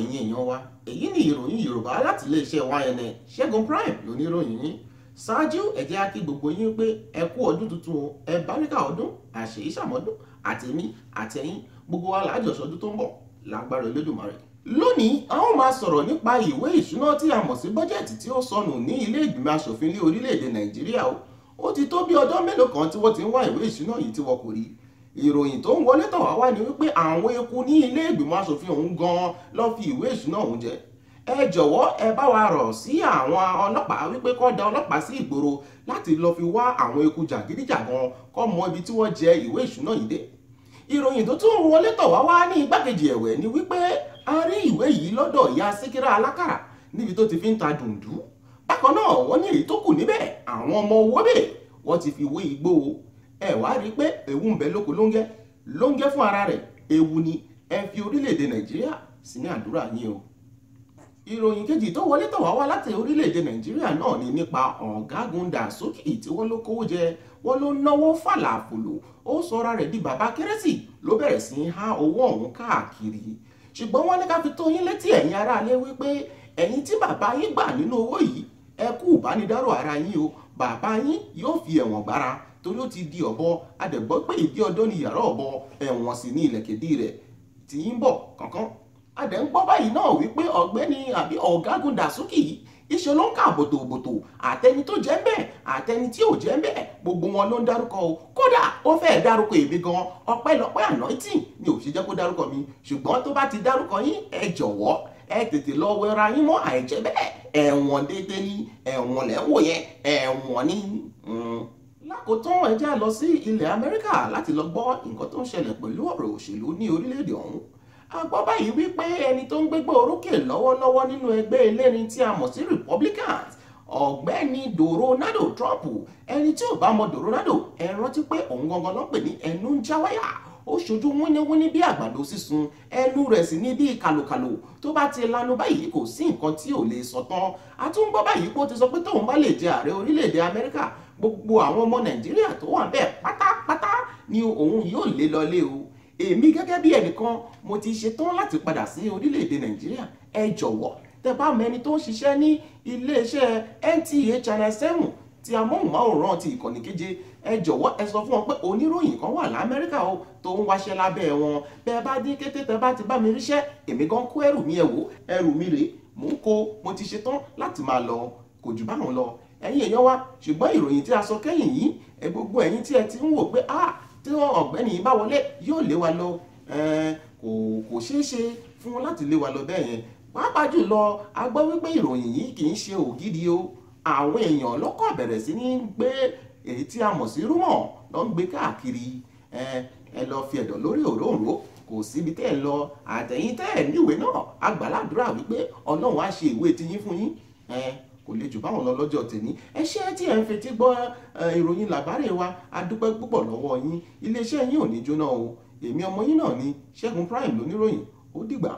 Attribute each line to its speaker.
Speaker 1: ẹ̀yin èèyàn wa èyí ni ìròyìn yorùbá láti iléeṣẹ́ YNN ṣẹ́gun prime lóníròyìn yín ṣáájú ẹ jẹ́ gbogbo yín pé ẹ ọdún tuntun o ọdún àṣeyí ṣàmọ́dún àtẹ̀mí àtẹ̀yìn gbogbo wa lájọṣọdún tó ń bọ̀ lágbára olódùmarè. lónìí a ó máa sọ̀rọ̀ nípa ìwé ìṣúná tí a mọ̀ sí bọ́jẹ̀tì tí ó sọnù ní ilé ìgbìmọ̀ asòfin ní orílẹ̀-èdè nàìjíríà ó ti tó bí ọdún mélòó kan tí wọ́n ti ń wá ìwé ìṣúná yìí tí wọn kò rí i ìròyìn tó ń wọlé tàn wá wá ni wípé àwọn eku ní ilé ìgbìmọ̀ asòfin ọ̀hún gan-an ló fi ìwé ìṣúná ọ̀hún jẹ ẹ jọ̀wọ́ ẹ bá wa rọ̀ sí àwọn ọlọ́pàá wípé kọ́ da ọlọ́pàá sí ìgboro láti lọ fi wá àwọn eku jàgídíjàgan kọ́ mọ ibi tí wọ́n jẹ ìwé ìṣúná yìí dé ìròyìn tó tún wọlé tàn wá wá ní igbákejì ẹ̀wẹ̀ ni wípé a rí ìwé yìí lọ́dọ̀ ìyá síkírà alákàrà níbi tó ti fi ń ta dùndú bákan náà wọ́n ní èyí tó kù níbẹ̀ àwọn ọmọ owó bẹ̀ wọ́n ti fi wé igbó ẹ wá rí i pé ewu ń bẹ lóko lóńgẹ́ lóńgẹ́ fún ara rẹ̀ ewu ni ẹ fi orílẹ̀-èdè nàìjíríà sí ní àdúrà yín o ìròyìn kejì tó wọlé tọ̀ wá wá láti orílẹ̀-èdè nàìjíríà náà ni nípa ọ̀gágun Dàsókì tí wọ́n ló kówó jẹ wọ́n ló náwó fàlàfòlò ó sọra rẹ̀ di bàbá kérésì ló bẹ̀rẹ̀ sí í há owó ọ̀hún káàkiri ṣùgbọ́n wọ́n ní ká fi tó yín létí ẹ̀yin aráalé wípé ẹ̀yin tí bàbá yín gbà nínú owó yìí ẹ kú ìbánidárò ara yín o bàbá yín yóò fi ẹ̀wọ̀n gbára torí ó ti di ọ̀bọ adẹ̀gbọ́ pé ìdí ọdọ́ ni yàrá ọ̀bọ ẹ̀wọ̀n sì ni ilẹ̀kèdí rẹ̀ tí ń bọ̀ kankan adẹ̀ ń gbọ́ báyìí náà wípé ọ̀gbẹ́ni àbí ọ̀gágun Dàsúkì iṣẹ́ ló ń kà bòtòbòtò àtẹni tó jẹ́ ń àtẹni tí ò jẹ́ ń gbogbo wọn ló ń dárúkọ o kódà ó fẹ́ẹ̀ dárúkọ èmi gan ọpẹ́lọpẹ́ anointing ni ò ṣe jẹ́ kó dárúkọ mi ṣùgbọ́n tó bá ti dárúkọ yín ẹ jọ̀wọ́ ẹ tètè lọ wẹra yín mọ́ àìjẹ́ bẹ́ẹ̀ ẹ̀wọ̀n déédéé ni ẹ̀wọ̀n lẹ́wọ̀ yẹn ẹ̀wọ̀n ni. Hmm àkótán ẹ jẹ́ lọ sí ilẹ̀ Amẹ́ríkà láti lọ gbọ́ nǹkan tó ń ṣẹlẹ̀ pẹ̀lú ọ̀rọ̀ òṣèlú ní orílẹ̀-èdè ọ̀hún a gbọ́ báyìí wípé ẹni tó ń gbégbá orókè lọ́wọ́lọ́wọ́ nínú ẹgbẹ́ elérin tí a mọ̀ sí Republicans ọ̀gbẹ́ni Doronado Trump ẹni tí ò bá mọ Doronado ẹ rántí pé òun gangan ló ní ẹnu ń jáwáyà ó ṣojú wíníwíní bí àgbàdo sísun ẹnu rẹ̀ sì ní bí kàlòkàlò tó bá ti lanu báyìí kò sí nǹkan tí ò lè sọ tán a tún gbọ́ báyìí pé ó ti sọ pé tóun bá lè jẹ ààrẹ orílẹ̀-èdè amẹ́ríkà gbogbo àwọn ọmọ nàìjíríà tó wà bẹ́ẹ̀ pátápátá ni òun yóò lé lọlé o èmi gẹ́gẹ́ bí ẹnìkan mo ti ṣetán láti padà sí orílẹ̀-èdè nàìjíríà ẹ jọ̀wọ́ tẹ bá mẹni tó ń ṣiṣẹ́ ní iléeṣẹ́ NTA Channel 7 ti amóhùnmáwòrán ti ìkànnì keje ẹ jọ̀wọ́ ẹ sọ fún wọn pé oníròyìn kan wà lamẹ́ríkà o tó ń wáṣẹ́ lábẹ́ wọn bẹ́ẹ̀ bá dín kété tẹ́ bá ti bá mi ríṣẹ́ èmi gan kó ẹrù mi ẹ̀ wò ẹrù mi rèé mò ń kó mo ti ṣetán láti máa lọ kò jù báwọn lọ ẹ̀yin èèyàn wa ṣùgbọ́n ìròyìn tí a sọ kẹ́yìn yìí ẹ gbogbo ẹ̀yin tí ẹ ti ń wò pé ah tí wọn ọ̀gbẹ́ni yìí bá wọlé yóò lé wa lọ kò kò ṣeé ṣe fún wọn láti lé wa lọ bẹ́ẹ̀ yẹn pàápàá jùlọ a wípé ìròyìn yìí kì í ṣe ògidì o àwọn èèyàn lọ́kọ̀ bẹ̀rẹ̀ sí ní gbé èyí tí a mọ̀ sí rúmọ̀ lọ ń gbé káàkiri ẹ lọ fi ẹ̀dọ̀ lórí òróǹro kò síbi tẹ́ ẹ lọ àtẹ̀yìn tẹ́ ẹ níwèé náà agbàládùra wípé ọlọ́run á ṣe ìwé tiyín fún yín kò lè jù báwọn lọ lọ́jọ́ tèmi ẹ ṣé tí ẹ ń fetí gbọ́ ìròyìn làbárè wa a dúpẹ́ púpọ̀ lọ́wọ́ yín iléeṣẹ́ yín ò ní jóná o èmi ọmọ yín náà ni Ṣẹ́gun Prime lóníròyìn ó dìgbà.